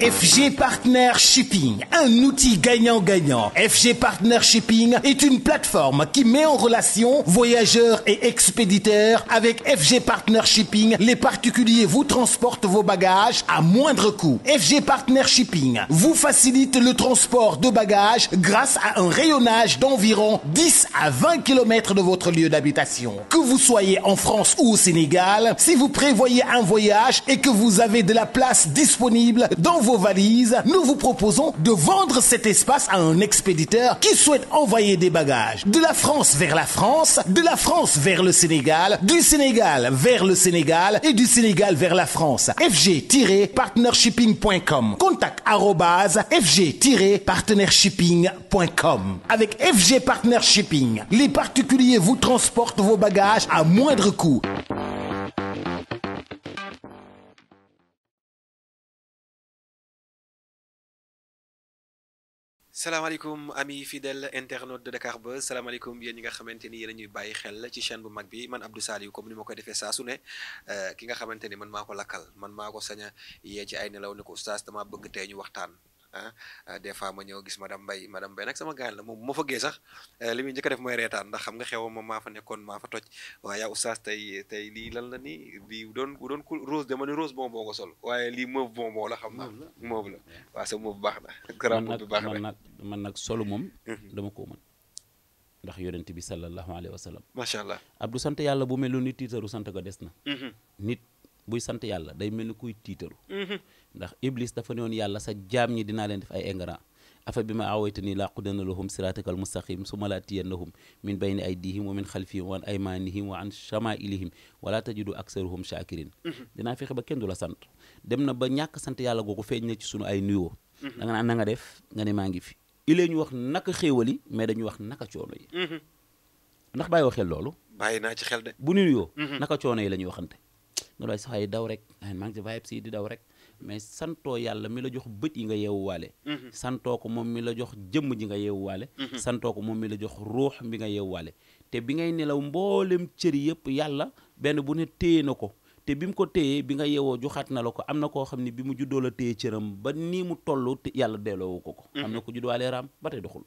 FG Partner Shipping, un outil gagnant-gagnant. FG Partner Shipping est une plateforme qui met en relation voyageurs et expéditeurs. Avec FG Partner Shipping, les particuliers vous transportent vos bagages à moindre coût. FG Partner Shipping vous facilite le transport de bagages grâce à un rayonnage d'environ 10 à 20 km de votre lieu d'habitation. Que vous soyez en France ou au Sénégal, si vous prévoyez un voyage et que vous avez de la place disponible vos valises, nous vous proposons de vendre cet espace à un expéditeur qui souhaite envoyer des bagages de la France vers la France, de la France vers le Sénégal, du Sénégal vers le Sénégal et du Sénégal vers la France. fg-partnershipping.com. Contact arobase fg-partnershipping.com. Avec FG Partnershipping, les particuliers vous transportent vos bagages à moindre coût. salaamaaleykum ami fidèle internaute de Dakar Buzz salaamaaleykum yéen ñi nga xamante ni yéen a bàyyi xel ci chaîne bu mag bi man Abdou Saliou comme ni ma koy defee saa ne euh, ki nga xamante ni man maa ko lakkal man maa ko saña a yee ci ay nelaw ne ko oustaz dama bëgg tey ñu waxtaan Ah, ah des fois ma ñëw gis madame Mbaye madame Mbaye nag sama gaan la moom bu ma fa gee sax eh, li muy njëkk a def mooy reetaan ndax xam nga xew ma maa fa nekkoon maa fa toj waaye yaa oustaz tey tey lii lan la nii lii doon bu doon rose dama ne rose bonbon nga sol waaye lii mauve bonbon la xam naa mauve la waaw sa mauve baax na grand baax na man nag man nag solo moom mhm. dama ko mën ndax yonent bi sallallahu alayhi wa sallam macha allah abdu sant yàlla bu mel ni tiitaru sant ko des na mhm. nit buy sant yàlla day mel ni kuy tiitaru mhm. ndax iblis dafa ne woon yàlla sa jaam ñi dinaa leen def ay ingrat afa bi ma awayta nii laqudanna lahum siratakal mustaqim summa la atiyannahum min bayni aydihim wa min xalfihim wa an aymanihim wa an chamailihim wala tajidu aksaruhum ba kenn du la sant dem na ba ñàkk sant yàlla googu feeñ na mhm. da nga naan na nga def ñu wax naka xéewal yi dañu wax naka coono yi mhm. ndax bàyyi xel loolu bàyyi naa ci mhm. ay daw rek maa ngi ci vibe si di daw rek mais santoo yàlla mi la jox bët yi nga yeewuwaale mhm. santoo ko moom mi la jox jëmm ji nga yeewuwaale mhm. santoo ko moom mi la jox ruux bi nga yeewuwaale te bi ngay nelaw mboolem cëri yëpp yàlla benn bu ne téye na ko te bi mu ko téyee bi nga yeewoo joxaat na la ko am na koo xam ne bi mu juddoo la téye cëram ba nii mu toll yàlla delloowu ko ko mhm. am na ko judduwaale raam ba tey doxul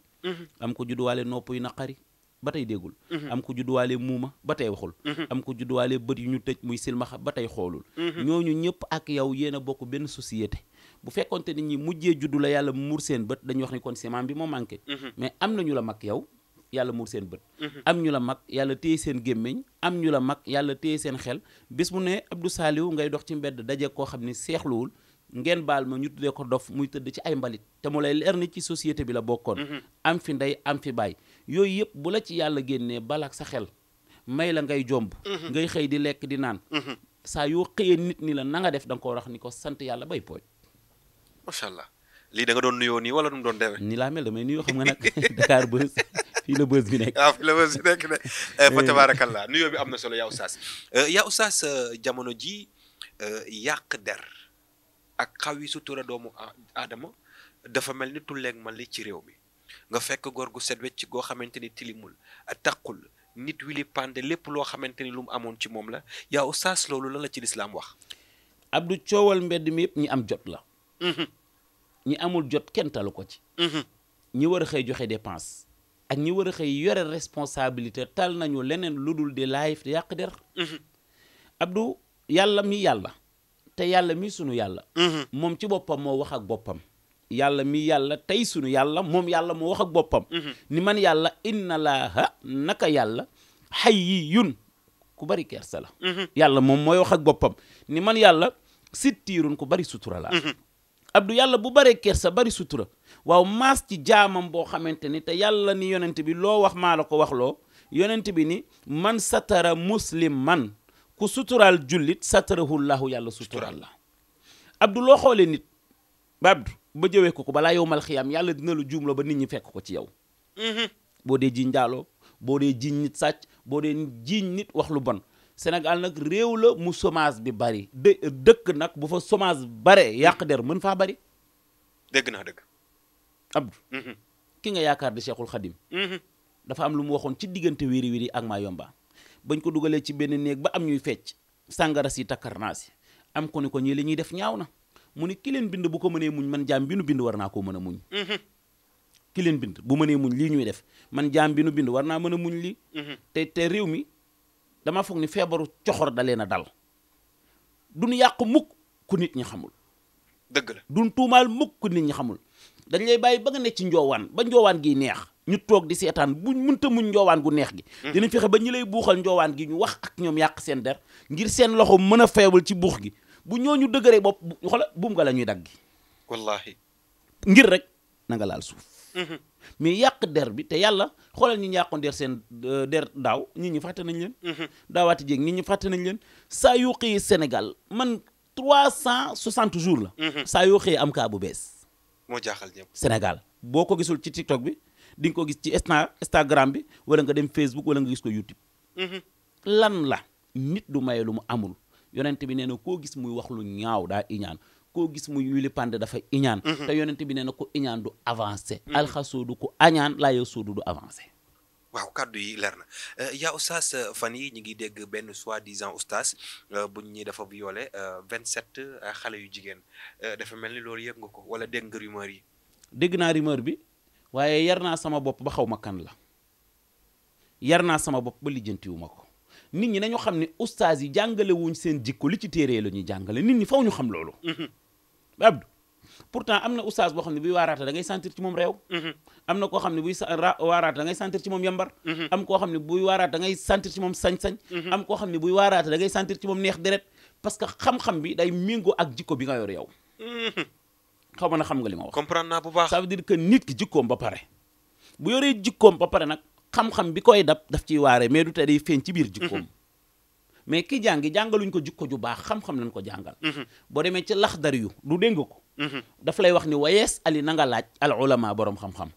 am ko judduwaale nopp naqari ba tey déggul mhm. am ko judduwaale muuma ba tey waxul mhm. am ko judduwaale bët yu ñu tëj muy silmaxa ba tey xoolul mhm. ñooñu ñëpp ak yow yéen a bokk benn société bu fekkonte nit ñi mujjee juddu la yàlla muur seen bët dañuy wax ni kon ciment bi moo manqué mais am nañu la mag yow yàlla muur seen bët am ñu la mag yàlla téye seen gémmiñ am ñu la mag yàlla téye seen xel bis mu ne Abdou Saliou ngay dox ci mbedd daje koo xam ni seexluwul ngeen baal ma ñu tuddee ko dof muy tëdd ci ay mbalit te mu lay leer ni ci société bi la bokkoon am fi ndey am fi baay yooyu yëpp bu la ci yàlla génnee balak sa xel may la ngay jomb mhm. ngay xëy di lekk di naan mhm. saa yoo xëyee nit ni la na nga def da ko wax ni ko sant yàlla bay pooj macha allah lii da doon nuyoo nii wala nu mu doon demee ni laa mel damay nuyoo xam nga nag Dakar Buzz fii la bës bi nekk waaw ah, fii la bi eh, eh. nuyoo bi am na solo yaa oustaz eh, yaa oustaz jamono ji yàq der ak xaw yi sutura doomu aadama dafa mel ni tulleeg man li ci réew mi nga fekk góor gu set wecc goo xamante ni tilimul taqul nit wi pande lépp loo xamante ni lu amoon ci moom la yaa oustaz loolu lan la ci lislaam wax abdu coowal mbedd mi yëpp ñi am jot la mhm. ñi amul jot kenn talu ko ci mhm. ñi war a xëy joxe dépense ak ñi war a xëy yore responsabilité tal nañu leneen lu dul di lay yàq der mhm. abdu yàlla mi yàlla te yàlla mi sunu yàlla moom ci boppam moo wax ak boppam yàlla mi yàlla tey sunu yàlla moom yàlla moo wax ak boppam mhm. ni man yàlla inna laaha naka yàlla hayyun ku bari kersa la mhm. yàlla moom mooy wax ak boppam ni man yàlla sittiirun ku bari sutura la mhm. abdu yàlla bu baree kersa bari sutura waaw maas ci jaamam boo xamante ni te yàlla ni yonent bi loo wax maa ko wax loo yonent bi ni man satara muslim man ku suturaal jullit satarahu llahu yàlla suturaal la abdu loo xoolee nit ba abdu ba jëwee ko ko balaa yow mal xiyaam yàlla dina lu juumloo ba nit ñi fekk ko ci yow. Mm-hmm. boo dee jiñ njaaloo boo dee jiñ nit sàcc boo dee jiiñ nit wax lu bon. senegal nag réew la mu chômage bi bari dë dëkk nag bu fa chômage bare yàq der mën faa bari. dégg naa dëgg. Abdou. Mm-hmm. ki nga yaakaar di Cheikhul Khadim. Mm-hmm. dafa am lu mu waxoon ci diggante wiri wiri ak maa yomba bañ ko dugalee ci benn néeg ba am ñuy fecc sàngara si takkar naa si am ko ni ko ñii li ñuy def ñaaw na. mu ni ki bind bu ko mënee muñ man jaam bi nu bind war naa koo mën a muñ mm-hmm. ki leen bind bu mënee muñ lii ñuy def man jaam bi nu bind war naa mën a muñ lii mm-hmm. te te réew mi dama foog ni feebaru coxor da leen a dal duñu yàq mukk ku nit ñi xamul dëgg la duñ tuumaal nit ñi xamul dañ lay bàyyi ba nga ne ci njoowaan ba njoowaan gi neex ñu toog di seetaan buñ munta muñ njoowaan gu neex gi mm-hmm. dinañ fexe ba ñi lay buuxal njoowaan gi ñu wax ak ñoom yàq seen der ngir seen loxo mën a feebal ci buux gi bu ñoo ñu dëgëree bopp xola buum nga la ñuy dagg. wallaahi. ngir rek na nga laal suuf. Mm-hmm. mais yàq der bi te yàlla xoolal ñi yàqoon der seen euh, der daaw nit ñi fàtte nañ leen. Mm-hmm. daawaati jéeg nit ñi fàtte nañ leen saa yoo xëyee Sénégal man 360 jours la. Mm-hmm. saa yoo xëyee am kaa bu bees. moo jaaxal ñëpp senegal boo ko gisul ci TikTok bi di ko gis ci Insta Instagram bi wala nga dem Facebook wala nga gis ko YouTube. lan la nit du maye lu mu amul. yonent bi nee na koo gis muy wax lu ñaaw daa iñaan koo gis muy yuli pande dafa iñaan mm-hmm. te yonent bi nee na ko iñaan du avancé mm-hmm. alxasoodu ko añaan laa yow soodu du avancé waaw kàddu yi leer na euh, yaa oustaz euh, fan yi ñu ngi dégg benn soi-disant oustaz euh, buñ ñi dafa violé vingt sept xale yu jigéen dafa mel ni loolu yëg nga ko wala dégg nga rumeur yi dégg naa rumeur bi waaye yar naa sama bopp ba xaw ma kan la yar naa sama bopp ba lijjantiwu ko nit ñi na nañu xam ne ustaas yi jàngale wuñ seen jikko li ci téere la ñuy jàngale nit ñi faw ñu xam loolu mm-hmm. abdu pourtant am na ustaas boo xam ne buy waaraata da ngay sentir ci moom réew mm-hmm. am na koo xam ne buy waaraata da ngay sentir ci moom yambar mm-hmm. am koo xam ne buy waaraata da ngay sentir ci moom sañ-sañ am koo xam ne buy waaraata da ngay sentir ci moom neex deret parce que xam-xam bi day méngoo ak jikko bi nga yor yow xaw ma na xam nga li ma wax comprendre naa bu baax ça veut dire que nit ki jikkoom ba pare bu yoree jikkoom ba pare nag xam-xam bi koy dab daf ciy waare mais du te day feeñ ci biir jikkoom mm-hmm. mais ki jàngi jàngaluñ ko jikko ju baax xam-xam lañ ko jàngal mm-hmm. boo demee ci laxdar yu du dégg ko mm-hmm. daf lay wax ni wayees ali na nga laaj al ulama boroom xam-xam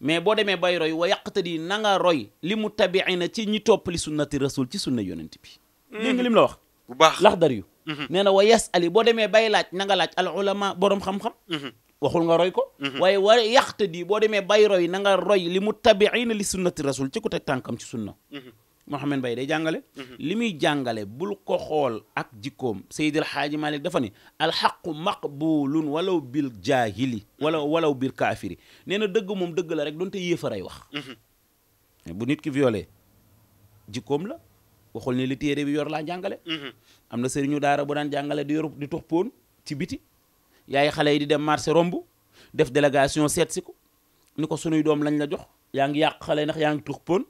mais boo demee bay roy wa yàqtadi na nga roy li mu tabiina ci ñi toppali sunnati rasul ci sunna yonent bi dégg nga lim la wax bu baax laxdar yu nee wayees ali boo demee bay laaj na laaj al ulama boroom xam-xam waxul nga roy ko mhm. waaye war yaxtadi boo demee bay roy na nga roy li mu tabiina li sunnati rasul ci ku teg tànkam ci sunna mhm. Mouhamed Mbaye day jàngale mhm. li muy jàngale bul ko xool ak jikkoom Seydil Xaaji Malik dafa ne alxaqu maqbulun walaw bil jaahili wala walaw bil kaafiri nee na dëgg moom dëgg la rek doonte yéefaray wax bu nit ki violé jikkoom la waxul ne li téere bi yor laa jàngale am na ñu daara bu daan jàngale di yor di tux poon ci biti yaay xale yi di dem marché romb def délégation seet si ko ni ko sunuy doom lañ la jox yaa ngi yàq xale ndax yaa ngi tux poon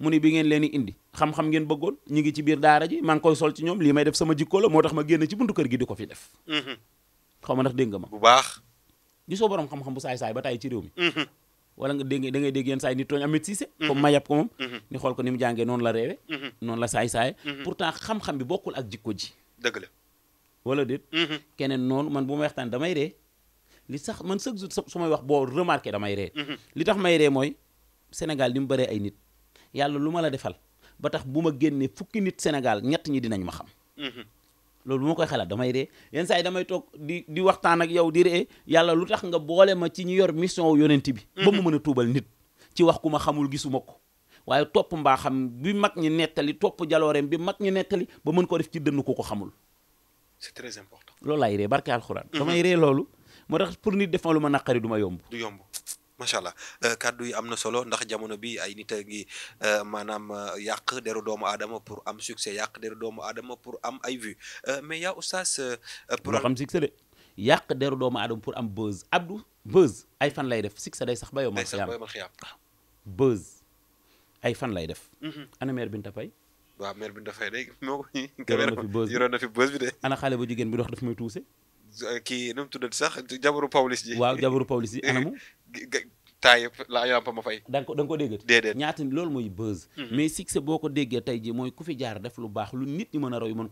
mu ni bi ngeen leen di indi xam-xam ngeen bëggoon ñi ngi ci biir daara ji maa ngi koy sol ci ñoom lii may def sama jikko la moo tax ma génn ci buntu kër gi di ko fi def mm-hmm. ma ndax dégg nga ma bu baax gisoo borom xam-xam bu saay-saay ba tàyyi ci réew mi mm-hmm. wala nga dégg da ngay dégg yenn saay nit tooñ amit siise mm-hmm. ma xool ko ni mu jàngee noonu la réewe noonu la saay-saaye pourtant xam-xam bi bokkul ak jikko ji dëgg wala déet. Mm-hmm. keneen noonu man bu may waxtaan damay ree li sax man chaque su may wax boo remarqué damay ree mm-hmm. li tax may ree mooy Sénégal di mu bëree ay nit yàlla lu ma la defal ba tax bu ma génnee fukki nit Sénégal ñett ñi dinañ ma xam. Mm-hmm. loolu bu ma koy xalaat damay ree yenn saa yi damay toog di di waxtaan ak yow di ree yàlla lu tax nga boole ma ci ñu yor mission yonent bi. ba mu mën a tuubal nit ci wax ku ma xamul gisuma ko. waaye topp mbaaxam bi mag ñi nettali topp jalooreem bi mag ñi nettali ba mën ko def ci dënn ku ko xamul. c'est très loolu laay ree barke alxuraan. Mhm. damay ree loolu. moo tax pour nit def ma lu ma naqari du yomb. du yomb. macha allah euh, kàddu yi am na solo ndax jamono bi ay nit a ngi euh, maanaam euh, yàq deru doomu adama pour am succès yàq deru doomu adama pour am ay vues mais yaa oustaz. pour am succès de yàq deru doomu aadama pour am buzz Abdou buzz ay fan lay def succès day sax ba yow. a xiyaam day sax ay fan lay def. Mhm. ana Binta Paye waaw mère bi dafay day moo ko yoroon na fi bës bi de ana xale bu jigéen bi dox la yampa ma fay da nga ko da nga ko déggat déedéet ñaata loolu mooy buzz mm-hmm. mais succès boo ko déggee tey ji mooy ku fi jaar def lu baax a roy mm-hmm.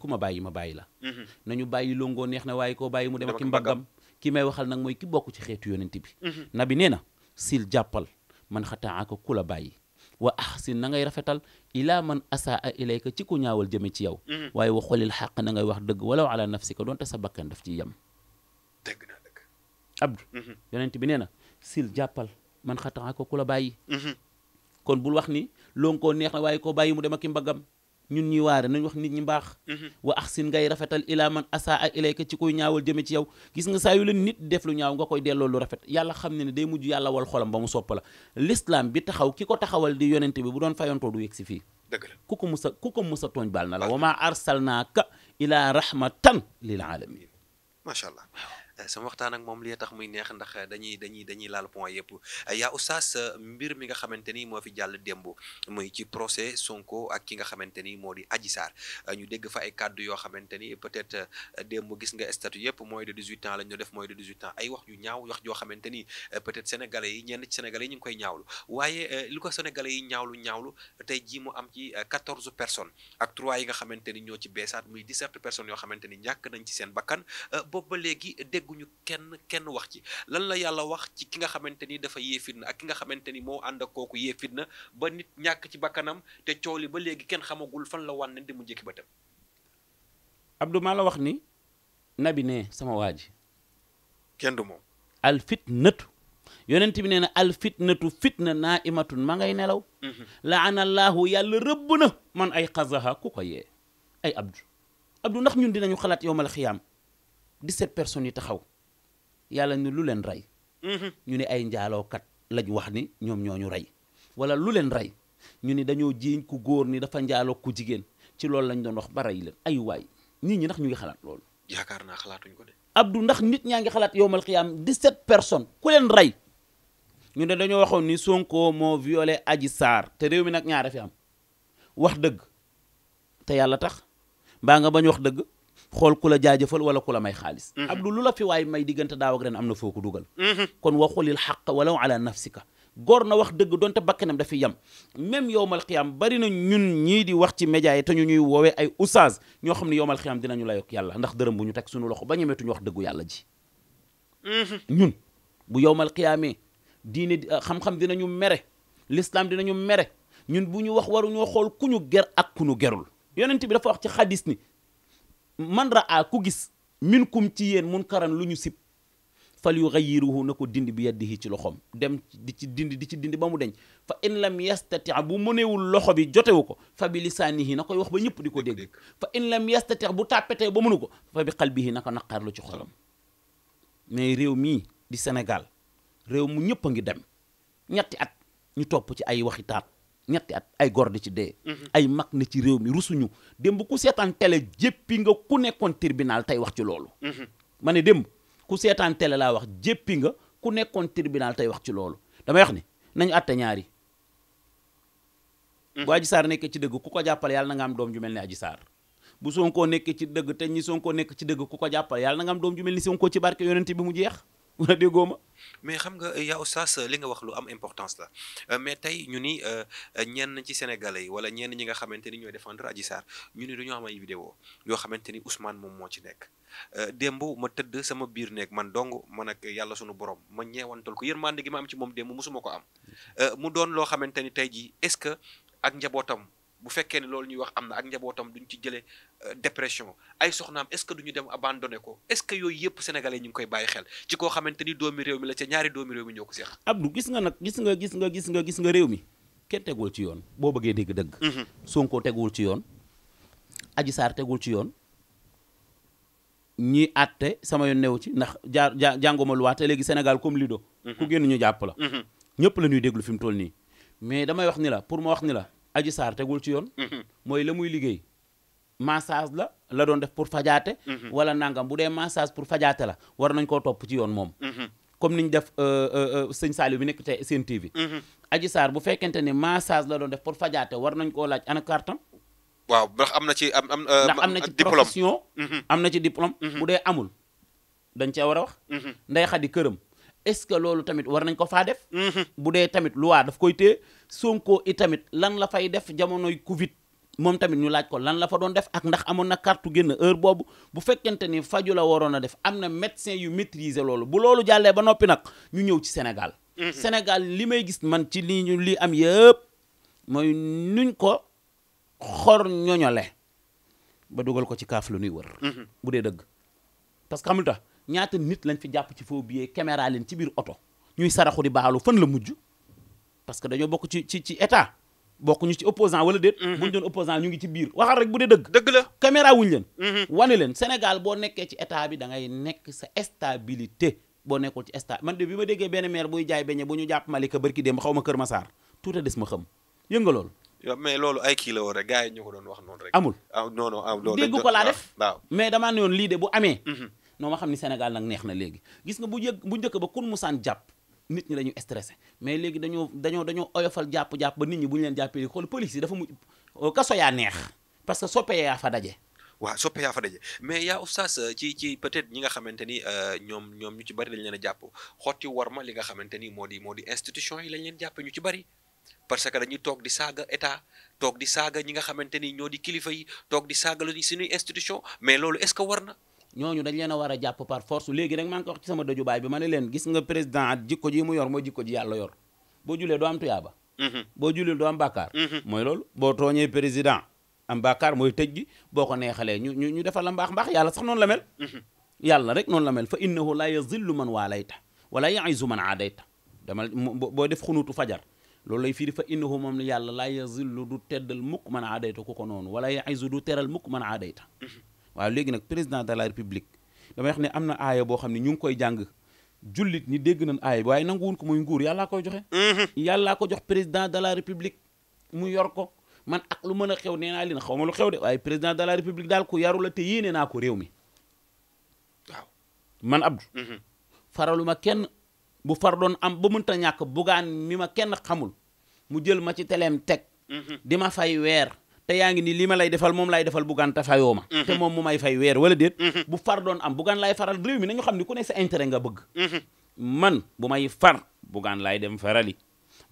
ku ma bàyyi ma bàyyi la mm-hmm. nañu bàyyi longoo neex na waaye koo bàyyi mu dem ak ki mbaggam ki may waxal nag mooy ki bokk ci xeetu yonent bi nabi nee na sil jàppal man xataaka ku la bàyyi wa ahsin na ngay rafetal ilaa man asaa ilayka ci ku ñaawal jëme ci yow mhm. waaye wa xolil xaq na ngay wax dëgg walaw ala nafsika doonte sa bakkan daf ciy yem dëgg na dëgg abdu mhm. yonent bi nee na sil jàppal man xataa ko ku bàyyi mhm. kon bul wax ni loo koo neex na waaye koo bàyyi mu dem mbaggam ñun ñuy waare nañ wax nit ñi mbaax mhm. wa axsin ngay rafetal ilaa man asaa ak ilayka ci koy ñaawal jëme ci yow gis nga saa yu nit def lu ñaaw nga koy delloo lu rafet yàlla xam ne ne day mujj yàlla wal xolam ba mu sopp la l'islam bi taxaw ki ko taxawal di yonente bi bu doon fayantoo du yegg si fii ku ko mu sa ku ko mus sa tooñ baal na la ah. wa maa arsalnaaka ilaa rahmatan lil alamin macha allah Eh, sama waxtaan ak moom li tax muy neex ndax eh, dañuy dañuy dañuy laal point yëpp eh, yaa oustaz mbir mi nga xamante ni moo fi jàll démb muy ci procès Sonko ak ki nga xamante ni moo di Adji Sarr ñu dégg fa ay kaddu yoo xamante ni peut-être démb gis nga statut yëpp mooy de mooy de 18 ans ay wax yu ñaaw wax joo xamante ni peut-être sénégalais yi ñenn ci sénégalais yi ñu ngi koy ñaawlu waaye li ko sénégalais yi ñaawlu ñaawlu tey jii mu am ci 14 personnes ak 3 yi nga xamante ñoo ci beesaat muy 17 personnes yoo xamante ni ñàkk nañ ci seen bakkan boobu ba dégguñu kenn kenn wax ci lan la yàlla wax ci ki nga xamante ni dafa yee fitna ak ki nga xamante ni moo ànd ak kooku yee fitna ba nit ñàkk ci bakkanam te coow li ba léegi kenn xamagul fan la wànne di mu njëkki ba tam Abdou maa la wax ni nabi ne sama waa ji kenn du moom al fitnatu yonent bi nee na al fitnatu fitna naa imatun ma ngay nelaw mhm. laanallaahu yàlla rëbb na man ay xazaha ku ko yee ay Abdou Abdou ndax ñun dinañu xalaat yowmal xiyaam 17 person yi taxaw yàlla ni lu leen rey. Mm-hmm. ñu ne ay njaalookat lañ wax ni ñoom ñoo ñu rey. wala lu leen rey ñu ni dañoo jiiñ ku góor ni dafa njaaloo ku jigéen ci loolu lañ doon wax ba rey leen ay waay nit ñi ndax ñu ngi xalaat loolu. yaakaar naa xalaatuñ ko de. Abdou ndax nit ñaa ngi xalaat yowmal xiyaam 17 personnes ku leen rey ñu ne dañoo waxoon ni Sonko moo violé aji saar te réew mi nag ñaare fi am wax dëgg te yàlla tax mbaa nga bañ wax dëgg. xool ku la jaajëfal wala ku la may xaalis mhm. Abdou lu la fi waay may diggante daaw ak ren am na foo dugal mhm. kon waxulil xaq walaw ala nafsika góor na wax dëgg donte bakkanam dafa yam même yowmal xiyaam bari na ñun ñii di wax ci média yi te ñu ñuy woowee ay oustaz ñoo xam ne yowmal xiyaam dinañu la yokk yàlla ndax dërëm bu ñu teg suñu loxo ba ñemetuñu wax dëggu yàlla ji mhm. ñun bu yowmal xiyaamee diine ah, xam dinañu mere l'islam dinañu mere ñun bu ñu wax waruñoo xool ku ñu ger ak ku ñu gerul yonent bi dafa wax ci xadis ni man raa ku gis min kum ci yéen mun karan lu ñu sib fal yu wu na ko dindi bi yaddihi ci loxoom dem di ci dindi di ci dindi ba mu deñ fa in lam yastati bu mënewul loxo bi jotewu ko fa bi lisaanihi na koy wax ba ñëpp di ko dégg fa in lam yastati bu tàppetee ba mënu ko fa bi qalbihi na ko naqarlu ci xolam mais réew mii di senegal réew mu ñëpp a ngi dem ñetti at ñu topp ci ay waxi taat ñetti at ay gor di ci dee. Mm-hmm. ay mag na ci réew mi rusuñu démb ku seetaan télé jéppi nga ku nekkoon tribunal tey wax ci loolu. Mm-hmm. ma ne démb ku seetaan télé laa wax jéppi nga ku nekkoon tribunal tey wax ci loolu damay wax ni nañu àtte ñaari. Mm-hmm. bu Adji nekkee ci dëgg ku ko jàppale yàlla na nga am doom ju mel ne Adji Sarr bu Sonko nekkee ci dëgg te ñi Sonko nekk ci dëgg ku ko jàppale yàlla na am doom ju ni Sonko ci barke yonent bi mu jeex. wala déggoo ma mais xam nga euh, yow saas euh, li nga wax lu am importance la euh, mais tey ñu ni ñenn ci sénégalais yi wala ñenn ñi nga xamante ni ñooy défendre Adji Sarr ñu ni dañoo am ay vidéo yoo xamante ni Ousmane moom moo ci nekk démb ma tëdd sama biir néeg man dong mën ak yàlla sunu borom ma ñeewantal ko yërmande gi ma am ci moom démb mosuma ko am mu doon loo xamante ni tey jii est-ce que ak njabootam bu fekkee ne loolu ñuy wax am na ak njabootam duñ ci jëlee euh, dépression ay soxnaam est-ce que duñu dem abandonné ko est-ce que yooyu yëpp sénégalais ñu ngi koy bàyyi xel ci koo xamante ni doomi réew mi la ca ñaari doomi réew mi ñoo ko seex Abdou gis nga nag gis nga gis nga gis nga gis nga réew mi kenn teguwul ci yoon boo bëggee dégg dëgg mm-hmm. Sonko teguwul ci yoon Adji Sarr tegul ci yoon ñii àtte sama yoon ci ndax jaar jàngoma lu waate léegi Sénégal comme Lido mm-hmm. ku génn ñu jàpp la mm-hmm. ñëpp la ñuy déglu fi mu toll nii mais damay wax ni la pour ma wax ni la aji saar gul ci yoon mhm. mooy la muy liggéey massage la la doon def pour fajaate mhm. wala nangam bu dee massage pour fajaate la war nañ koo topp ci yoon moom mhm. comme niñ def euh, euh, euh, sëñ Saliou bi nekk te seen TV aji saar bu fekkente ni massage la doon def pour fajaate war nañ koo laaj ana kartam waaw ndax am na ci am am na ci profession am na ci diplôme bu dee amul dañ cee war a wax ndey xadi këram est-ce que loolu tamit war nañ ko faa def. Mhm. bu dee tamit loi daf koy téye Sonko i tamit lan la fay def jamonoy Covid. moom tamit ñu laaj ko lan la fa doon def ak ndax amoon na carte génn heure boobu bu fekkente ni faju la waroon a def am na médecin yu maîtriser loolu bu loolu jàllee ba noppi nag ñu ñëw ci senegal mhm. Sénégal li may gis man ci li ñu li am yëpp mooy nuñ ko xor ñoñole ba dugal ko ci kaaf lu nuy wër. Mhm. bu dee dëgg parce que ñaata nit lañ fi jàpp ci faux billet caméra leen ci biir oto ñuy saraxu di baalu fan la mujj parce que dañoo bokk ci ci ci état bokkuñu ci opposant wala déet mhm. buñ doon opposant ñu ngi ci biir waxal rek bu dee dëgg dëgg la caméra wuñ leen mhm. wane leen Sénégal boo nekkee ci état bi da ngay nekk sa stabilité boo nekkul ci état man de bi ma déggee benn maire buy jaay beñe bu ñu jàpp Malika barki démb xaw ma Kër Massar tuuta des ma xam yënga loolu ay kii la woon rek gars ko doon wax noonu rek amul ah, ah mais damaa ne woon lii de bu amee mhm. noo ma xam ni Sénégal nag neex na léegi gis nga bu jëkk bu njëkk ba kun musaan jàpp nit ñi dañu stressé mais léegi dañoo dañoo dañoo oyofal jàpp-jàpp ba nit ñi bu ñu leen jàppee xool police dafa mu euh, kaso yaa neex parce que soppe yaa daje waaw soppe yaa fa daje mais yaa oustaz euh, ci ci peut-être ñi nga xamante ni euh, ñoom ñoom ñu ci bari lañ leen a jàpp xotti war ma li nga xamante ni moo di moo di institution yi lañ leen jàppe ñu ci bari parce que dañuy toog di saaga état toog di saaga ñi nga xamante ni ñoo di kilifa yi toog di saaga lu suñuy institution mais loolu est-ce que war na ñooñu dañ leen a war a jàpp par force léegi rek man ngi ko sama daju baay bi ma ne leen gis nga président at jikko ji mu yor mooy jikko ji yàlla yor boo julee doo am tuyaaba mm-hmm. boo julee doo am bàkkaar mm-hmm. mooy loolu boo tooñee président am bàkkaar mooy tëj gi boo ko neexalee ñu ñu ñu defal la mbaax mbaax yàlla sax noonu la mel mm-hmm. yàlla rek noon la mel fa innahu la yazillu man waa waalayta wala yaizu man aadayta dama boo def xunutu fajar loolu lay firi fa innahu moom yàlla laa la yazillu du teddal mukk man aadayta ku ko noonu wala yaizu du teral mukk man aadayta waaw léegi nag président de la république damay wax ne am na aaya boo xam ne ñu ngi koy jàng jullit ñi dégg nañ aaya bi waaye nanguwun ko muy nguur yàllaa koy joxe mm-hmm. yàllaa ko jox président de la république mu yor ko man ak lu mën a xew nee naa leen xaw ma lu xew de waaye président de la république daal ko yaru la te yéene naa ko réew mi waaw man Abdou mm-hmm. faralu ma kenn bu far doon am ba mënta ñàkk bugaan mi ma kenn xamul mu jël ma ci teleem teg mm-hmm. di ma fay weer te yaa ngi ni lii ma lay defal moom lay defal Bougane te fayoo ma mhm. te moom mu may fay weer wala déet mhm. bu far doon am Bougane lay faral réew mi nañu xam ne ku ne sa intérêt nga bëgg mhm. man bu may far Bougane laay dem farali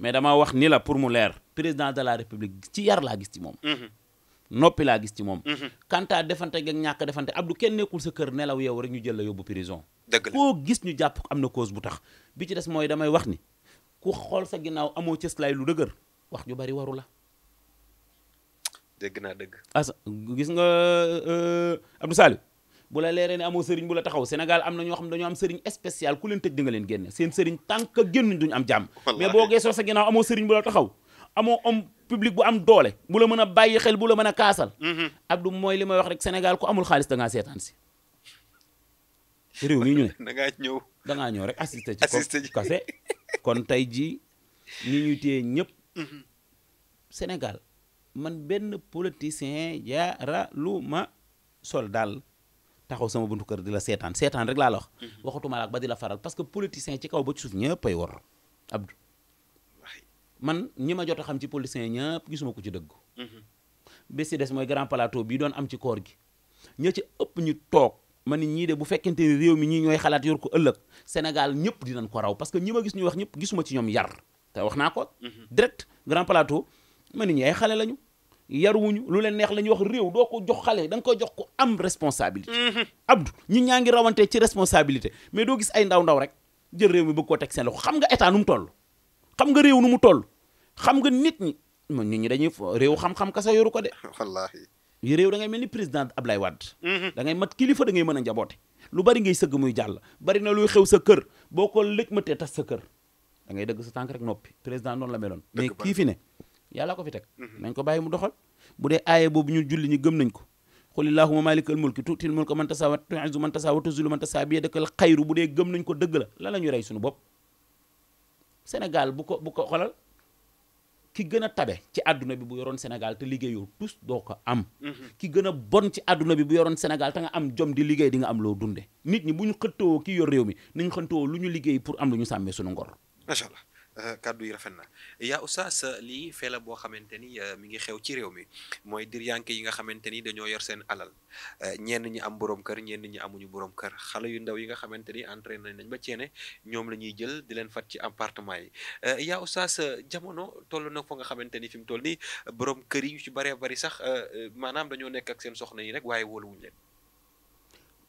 mais dama wax ni la pour mu leer président de la république ci yar laa gis ci moom noppi laa gis ci moom quant defante ak ñàkk defante Abdou kenn nekkul sa kër nelaw yow rek ñu jël la yóbbu prison dëgg la koo gis ñu jàpp am na cause bu tax bi ci des mooy damay wax ni ku xool sa ginnaaw amoo cës laay lu dëgër wax ju bari waru la dégg naa dëgg. asa gis nga euh, Abdou Salif bu la leeree ne amoo sëriñ bu la taxaw senegal am na ñoo xam ne dañoo am sëriñ spécial ku leen tëj di nga leen génne seen sëriñ tant que génnuñ duñu am jàmm. mais boo geesoo sa ginnaaw amoo sëriñ bu la bu am doole. bu la mën a bàyyi xel bu la mën a kaasal. Mm-hmm. Abdou mooy may wax rek Sénégal ku amul xaalis da ngaa seetaan si. réew mi ñu ne da ngaa ñëw da ngaa ñëw rek assister ci assister ci kase kon tey jii ñi ñu téye ñëpp mm-hmm. Sénégal man benn politicien ma sol daal taxaw sama buntu kër di la seetaan seetaan rek laa la wax. Mhm. waxatuma la ak ba di la faral parce que politicien ci kaw ba ci suuf ñëppay wor man ñi ma jot xam ci politicien ñëpp gisuma ko ci dëgg. Mhm. bi mooy grand plateau bi doon am ci koor gi. ña ci ma ñii de bu fekkente ni réew mi ñii ñooy xalaat yor ko ëllëg Sénégal ñëpp dinañ ko parce que ñi ma gis ñuy wax ñëpp gisuma ci ñoom yar te wax naa ko. Mhm. direct grand plateau ma ni ñi ay xale lañu. yaruwuñu lu leen neex la ñuy wax réew doo ko jox xale danga nga jox ko am responsabilité. Mhm. Abdou ñun ñaa ngi rawante ci responsabilité mais doo gis ay ndaw ndaw rek jël réew mi bëgg koo teg seen loxo xam nga état nu mu toll. xam nga réew nu mu toll xam nga nit ñi nit ñi dañuy réew xam-xam kasa yoru ko de. wallaahi réew da ngay mel ni président Ablaye Wade. Mhm. da ngay mat kilifa da ngay mën a njaboote. lu bari ngay sëgg muy jàlla bari na luy xew sa kër boo ko lëj ma tee tas sa kër da ngay dëgg sa tànk rek noppi président noonu la meloon. mais kii fi ne yàlla ko fi teg mhm. nañ ko bàyyi mu doxal bu dee aaye boobu ñu julli ñi gëm nañ ko qul illahuma malikal mulki tuutil mulka man tasaa wa tuizzu man tasaa wa tuzillu man tasaa bi yadikal xayru bu dee gëm nañ ko dëgg la la la rey suñu bopp Sénégal bu ko bu ko xolal ki gën a tabe ci àdduna bi bu yoroon Sénégal te liggéeyoo doo am mhm. ki gën a bon ci àdduna bi bu yoroon Sénégal te nga am jom di liggéey di nga am loo dunde nit ñi bu ñu xëttoo kii yor réew mi nañ xëttoo lu ñu liggéey pour am lu ñu sàmmee sunu ngor macha Euh, kàddu yi rafet na yaa oustaz lii fee la boo xamante ni euh, mi ngi xew ci réew mi mooy diryanke yi nga xamante ni dañoo yor seen alal euh, ñenn ñi am borom kër ñenn ñi amuñu borom kër xale yu ndaw yi nga xamante ni entraîné nañ ba ceene ñoom la ñuy jël di leen fat ci appartement yi yaa oustaz jamono toll na fa nga xamante ni fi mu toll ni borom kër yi yu ci baree bari sax maanaam dañoo nekk ak seen soxna yi rek waaye wóoluwuñ leen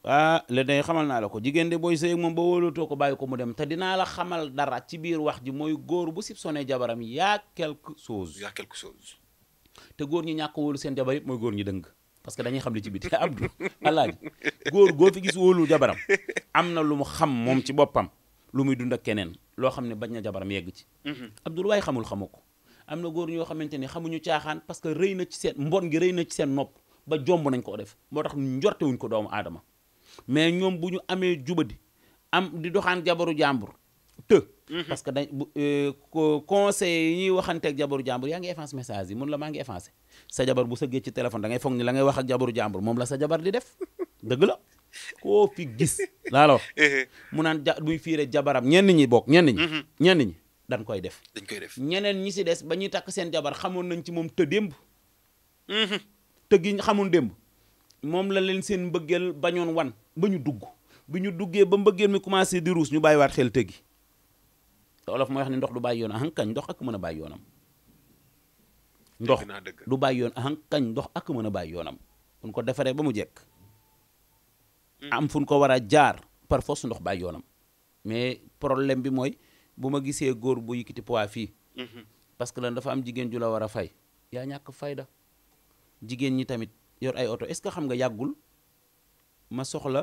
ah le day xamal naa la ko jigéen de booy sëy moom ba wóolutoo ko bàyyi ko mu dem te dinaa la xamal dara ci biir wax ji mooy góor bu sib sonee jabaram yaa quelque chose. yaa quelque chose. te góor ñi ñàkk wóolu seen jabar yëpp mooy góor ñi dëng parce que dañuy xam li ci biti Abdou alaaji góor góor fi gis wóolu jabaram am na lu mu xam moom ci boppam lu muy dund ak keneen loo xam ne bañ na jabaram yegg ci mhm. Abdou waaye xamul xamu ko am na góor ñoo xamante ne xamuñu caaxaan parce que rëy na ci seen mbon ngi rëy na ci seen nopp ba jomb nañ koo def moo tax njorte wuñ ko doomu aadama mais ñoom bu ñu amee jubadi am di doxaan jabaru jàmbur të mhm. parce que dañ euh, conseil yi ñuy waxanteeg jabaru jàmbur yaa ngi efface message yi mun la maa ngi effacé sa jabar bu sëggee ci téléphone da ngay foog ni la ngay wax ak jabaru jàmbur moom la sa jabar di def dëgg la koo fi gis laalo mhm. mu naan ja buy fiire jabaram ñenn ñi bokk ñenn ñi mhm. ñenn ñi dañ koy def dañ koy def ñeneen ñi si des ba ñuy takk seen jabar xamoon nañ ci moom të démb të xamoon démb moom la leen seen mbëggeel bañoon wan ba ñu dugg bi ñu duggee ba mbëggeel mi commencé di ruus ñu bàyyiwaat xel tëggi te olof mooy wax ne ndox du bàyyi yoon ahankañ ndox ak mën a bàyyi yoonam ndox du bàyyi yoon ahankañ ndox ak mën a bàyyi yoonam buñ ko defaree ba mu jekk hmm. am fu ñu ko war a jaar par force ndox bàyyi yoonam mais problème bi mooy bu ma gisee góor bu yëkkati poids fii hmm. parce que lan dafa am jigéen ju la war a fay yaa ñàkk fayda jigéen ñi tamit yor ay oto est-ce que xam nga yàggul ma soxla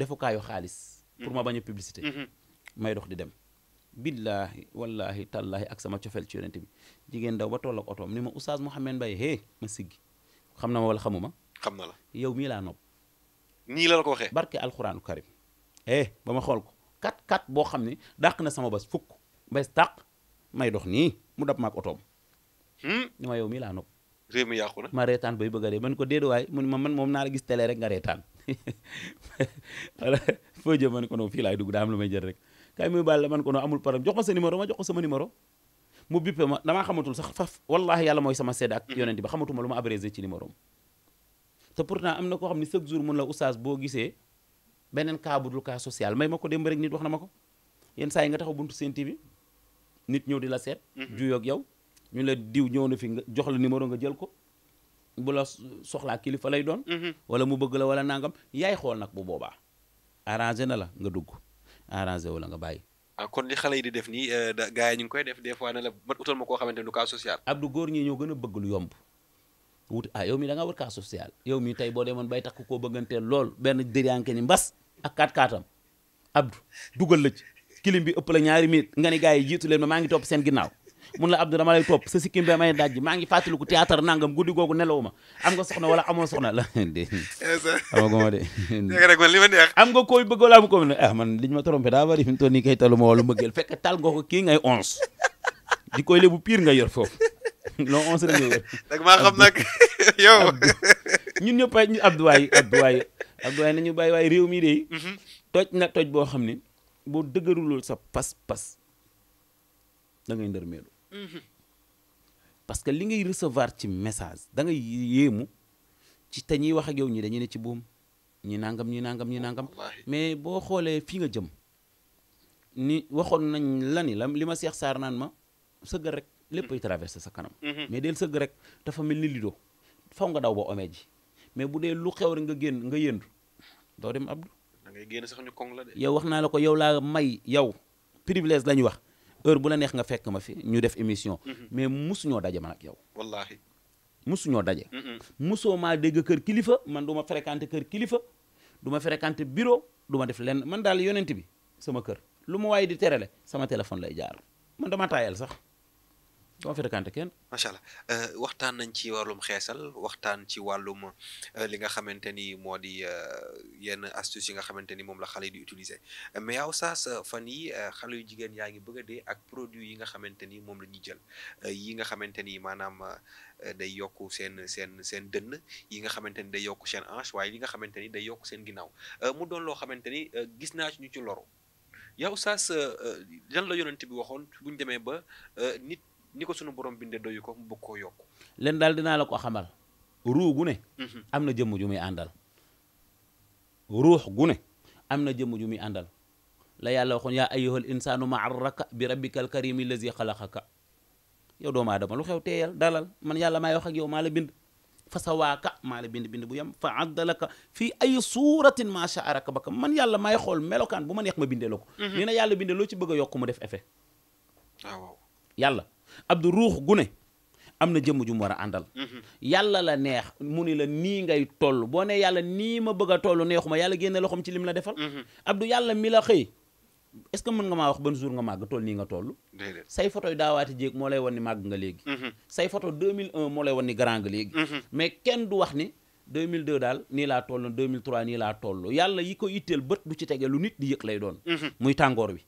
defukaayu xaalis. Mm-hmm. pour ma bañ a publicité. Mm-hmm. may dox di dem. billaahi wallaahi tallaahi ak sama cofeel ci yonent bi jigéen daw ba toll ak otoom ni ma oustaz Mouhamed Mbaye hee ma siggi xam na ma wala xamuma. xam na la yow mii laa nopp. nii la ko waxee. barke alxuraanu karim. Eh, ba ma xool ko kat kat boo xam ne dàq na sama bas fukk tàq may nii mu dab maak hmm? ma yow mii laa nopp. réew mi yàqu na ma reetaan bay bëgg a dee man ko déedéet waay mu ne ma man moom naa la gis télé rek nga reetaan wala foo jëm man ko noonu fii laay dugg daa am lu may jël rek kay muy baal man ko noonu amul problème jox ko sa numéro ma jox ko sama numéro mu bippe ma damaa xamatul sax faf wallaahi yàlla mooy sama seede ak mhm. yonent bi xamatuma lu ma abrégé ci numéro te pourtant am na koo xam ne chaque jour mun la oustaz boo gisee beneen cas bu dul cas social may ma ko démb rek nit wax na ma ko yenn saa yi nga taxaw buntu seen TV nit ñëw di la seet mhm. juyoog yow ñu la diw ñëw na fi nga jox la numéro nga jël ko bu la soxlaa kilifa lay doon. Mhm. wala mu bëgg la wala nangam yaay xool nag bu boobaa. arrangé na la nga dugg arrangé wala nga bàyyi. Ah, kon li xale yi di def nii eh, gars yi ñu ngi koy def des fois ne la man utal ma koo xamante ne du cas social. ab du góor ñi ñoo gën a bëgg lu yomb. wuti ah yow mi da ngaa war cas social. yow mi tey boo demoon bay takk koo bëgganteel lool benn dëriyanke ni mbas ak kaat kaatam abdu dugal la ci kilim bi ëpp la ñaari minutes nga ne gars yi jiitu leen ma maa ngi topp seen ginnaaw. mun la Abdou dama lay topp sa sikkim bi may dajji maa ngi fàttaliku théâtre nangam guddi googu nelawu ma am nga soxna wala amoo soxna la de amaguma de rek man li ma neex am nga koy bëgg wala am ko ne ah man liñ ma trompé daa bari fi mu toll nii kay talu ma wala mbëggeel di koy lébu pire nga yor foofu loo onze rek nga yor dag ñun ñëpp ay Abdou waay waay Abdou waay nañu bàyyi waay réew mi de mhm. toj na toj boo xam ne boo dëgërulul sa pas-pas da ngay ndërmeelu Mhm. parce que li ngay recevoir ci message da ngay yéemu ci te ñiy wax ak yow ñi dañu ne ci buum ñi nangam ñi nangam ñi nangam mais boo xoolee fii nga jëm ni waxoon nañ la ni li ma Seex Saar naan ma sëgg rek léppay traversé sa kanam mhm. mais del sëgg rek dafa mel ni lido faw nga daw ba omee ji mais bu dee lu xew rek nga génn nga yëndu doo dem Abdou da sax ñu kong la yow wax naa la ko yow laa may yow privilège la wax heure bu la neex nga fekk ma fi ñu def émission. Mm-hmm. mais musuñoo daje man ak yow. wallaahi musuñoo daje. musoo mm-hmm. maa dégg kër kilifa man du ma fréquenté kër kilifa du ma fréquenté bureau du ma def lenn man daal yonent bi sama kër lu ma waaye di terale sama téléphone lay jaar man dama taayel sax. dama fréquenté kenn. macha allah euh, waxtaan nañ ci wàllum xeesal waxtaan ci wàllum euh, li nga xamante ni moo di euh, yenn astuce yi nga xamante ni moom la xale yi di utiliser mais yow saas fan yi xale yu jigéen yaa ngi bëgg a ak produit yi nga xamante ni moom la ñuy jël yi nga xamante ni maanaam day yokk seen seen seen dënn yi nga xamante ni day yokk seen hanche waaye nga xamante ni day yokk seen mu doon loo xamante ni gis naa ci ñu ci loru yow saas lan la yonent bi waxoon bu ñu demee ba nit. ni ko sunu borom bindee doyu ko mu bëgg koo yokk. len daal dinaa la ko xamal ruux gu mhm. am na jëmm ju muy àndal. ruux gu am na jëmm ju muy àndal la yàlla waxoon yaa ayyuhal insaanu ma arraka bi rabbikal karimi lazi xalaqaka yow doomu aadama lu xew teeyal dalal man yàlla maay wax ak yow maa la bind. fa sawaaka maa la bind bind bu yem fa addalaka fii ay suuratin maa sha'araka baka man yàlla maay xool melokaan bu ma neex ma bindee la ko. nee mhm. na yàlla abdu ruux gu am na jëmm ju mu war a àndal mhm. yàlla la neex mu ni la nii ngay toll boo ne yàlla nii ma bëgg a toll neexuma yàlla génne loxoom ci lim la defal mhm. abdu yàlla mi la xëy est-ce que mën nga maa wax ban jour nga mag toll nii nga toll say photo yi daawaati jéeg moo lay wan ni màgg nga léegi mhm. say photo 2001 moo lay wan ni grand nga léegi mais kenn du wax ni 2002 daal nii laa toll 2003 nii laa toll yàlla yi ko itteel bët du ci tege lu nit di yëg lay doon muy tàngoor wi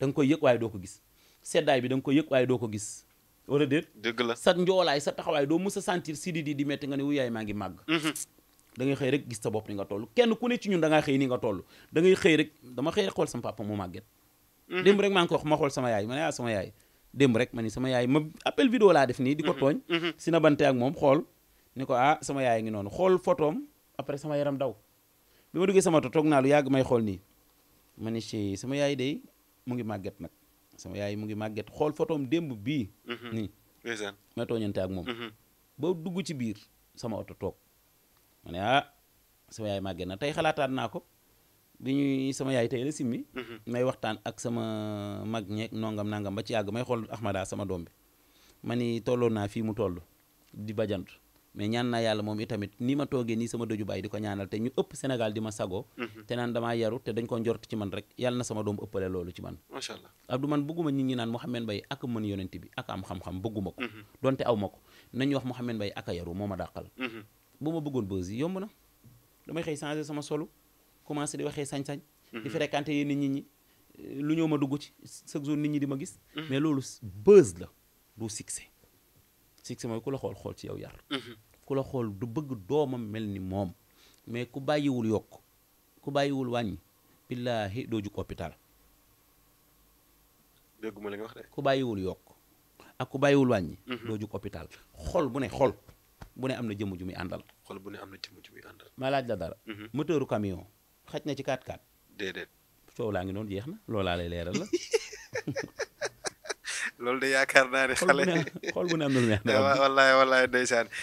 da koy yëg waaye doo ko gis seddaay bi da nga ko yëg waaye doo ko gis wala déet dëgg la sa njoolaay sa taxawaay doo mës a sentir si di di di metti nga ne wu yaay maa ngi màgg mhm. da ngay xëy rek gis sa bopp ni nga toll kenn ku ne ci ñun da ngaa xëy ni nga toll da ngay xëy rek dama xëy rek xool sama papa mu màgget mhm. démb rek maa ngi ko ma xool sama yaay ma ngi noonu xool photoom après sama yaram daw bi ma duggee sama to naa lu yàgg may xool nii ma ni sama yaay day mu ngi màgget nag sama yaay mu ngi màgget xool photoom démb bii. Mhm. nii ma tooñante ak moom. Mhm. ba dugg ci biir sama oto toog ma ne ah sama yaay màgget na tey xalaataat naa ko bi ñuy sama yaay tey la simmi. Mhm. may waxtaan ak sama mag ñeeg nongam nangam ba ci yàgg may xool Ahmada sama doom bi ma ni tolloon naa fii mu toll di bajantu mais ñaan naa yàlla moom itamit ni ma toogee nii sama dëju baay di ko ñaanal te ñu ëpp Sénégal di ma sago mhm. te naan damaa yaru te dañ ko njort ci man rek yàlla na sama doom ëppale loolu ci man macha allah Abdou man bëgguma nit ñi mhm. a yaru mhm. commencé di waxee sañ-sañ di fréquenté yéen nit ñi lu ñëw ma dugg ci chaque jour nit ñi di ma gis mais loolu bës la du succès succès mooy ku la xool xool ci yow yar mhm. ku la xool du bëgg doomam mel ni moom mais ku bàyyiwul yokk ku bàyyiwul wàññi doo jug hôpital dégguma li nga ku bàyyiwul yokk ak ku bàyyiwul mhm. xol bu ne xol bu ne am na jëmm ju muy àndal xol bu ne am na jëmm ju muy àndal ma la dara mhm. moteuru camion xaj na ci 4x4 laa ngi noonu jeex na loolaa lay leeral la loolu de yaakaar naa ne xale xool bu ne am na